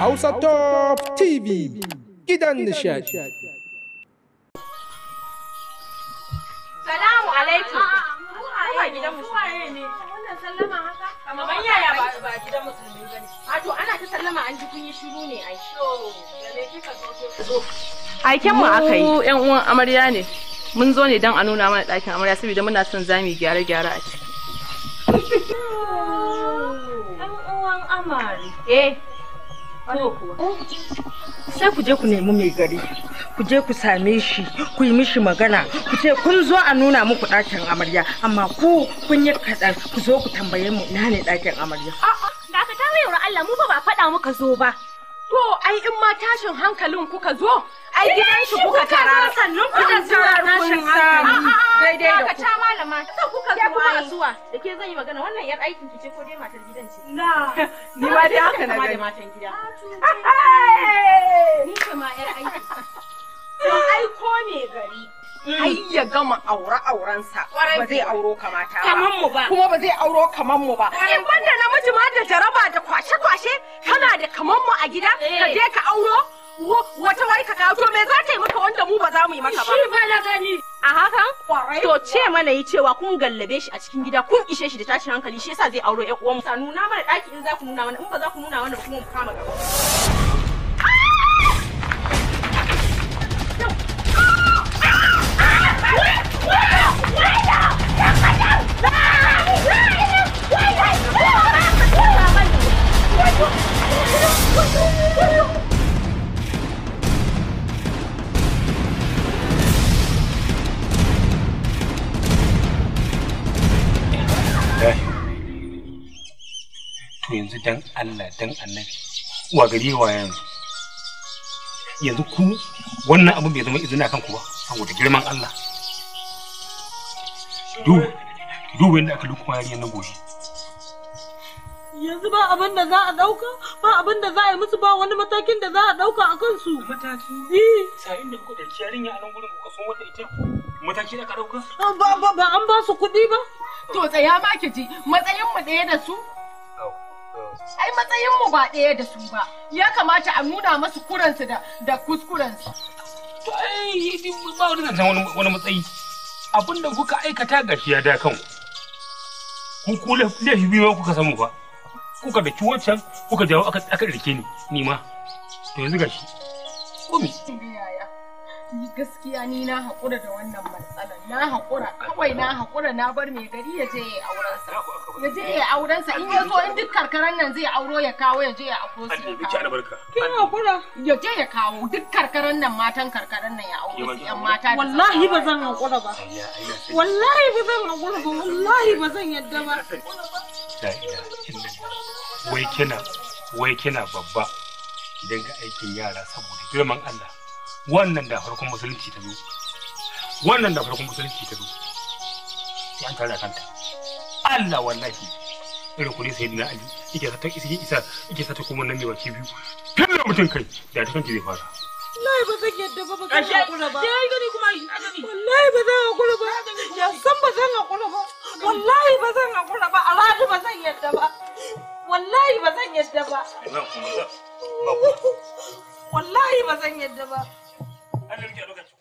Hausa Top TV gidan nishadi. Salamu alaikum. Kuma gidan musulmi ne. Wannan sallama haka? Kama ban yaya ba gidan musulmi ba ne. Wato ana ta sallama an ji kun yi shiru ne ai. Aiken mu aka yi. 'yan uwan amarya ne. Mun zo ne don a nuna mana ɗakin amarya saboda muna son za mu yi gyare-gyare a ciki. 'Yan uwan amare. Eh, sai ku je ku nemi mai gari ku je ku same shi ku yi mishi magana ku ce kun zo a nuna muku ɗakin amarya amma ku kun yi kaɗan ku zo ku tambaye mu ina ne ɗakin amarya ga ka tawaye wa Allah mu fa ba faɗa muka zo ba to ai in ma tashin hankalin kuka zo ai gidan shi kuka tara sannan kuka tarar tashin hankali kuma asuwa da ke zan yi magana wannan yar aikin ki ce ko dai matar gidan ce na ni ma dai haka na gani matan gida ah, ni ce ma yar aiki to ai ko me gari ai ya gama aure aurensa ba zai auro kamata ba kuma ba zai auro kaman mu ba in banda namiji ma da jaraba da kwashe kwashe kana da kaman mu a gida eh. ka je ka auro wata wai ka kawo to me za ta yi maka wanda mu ba za mu yi maka ba shi ba na gani a hakan to ce mana yi cewa kun gallabe shi a cikin gida kun ishe shi da tashin hankali shi yasa zai auro ƴan uwan mu nuna mana daki in za ku nuna mana in ba za ku nuna mana kuma mu kama gaba to yanzu dan Allah dan annabi wa gari wa yanzu yanzu ku wannan abin bai zama izina kan ku ba saboda girman Allah du du wanda aka duk kwariya na goshi yanzu ba abin da za a dauka ba abin da za a yi musu ba wani matakin da za a dauka a kansu matakin eh sai da kuka dauki yarinya a nan gurin ku san wanda ita mataki da ka dauka ba ba an ba su kuɗi ba to tsaya ma ki ji matsayin mu ɗaya da su ai matsayin mu ba ɗaya da su ba ya kamata a nuna masu kuransu da da kuskurensu to ai ba wani zancen wani wani matsayi abin da kuka aikata ga shi ya da kan ku ku laifi biyu kuka samu ba kuka da wancan kuka jawo aka aka rike ni ni ma to yanzu gashi mi gaskiya ni na haƙura da wannan matsala na haƙura kawai na haƙura na bar mai gari ya je ya aurensa ya je ya aurensa in ya zo in duk karkaran nan zai auro ya kawo ya je ya auro su ya kawo kin haƙura ya je ya kawo duk karkaran nan matan karkaran nan ya auro su yan mata wallahi ba zan haƙura ba wallahi ba zan haƙura ba wallahi ba zan yadda ba wai kina wai kina babba idan ga aikin yara saboda girman Allah wannan da farkon musulunci ta zo wannan da farkon musulunci ta zo ya an tare da kanta Allah wallahi irin kuri sai dina ali yake sa ta isa yake sa ta kuma nan ne baki biyu kin da mutun kai da ta kanta zai fara wallahi ba zan yadda ba ba ka hakura ba ya gani kuma wallahi ba zan hakura ba ya san ba zan hakura ba wallahi ba zan hakura ba a radu ba zan yadda ba wallahi ba zan yadda ba wallahi ba zan yadda ba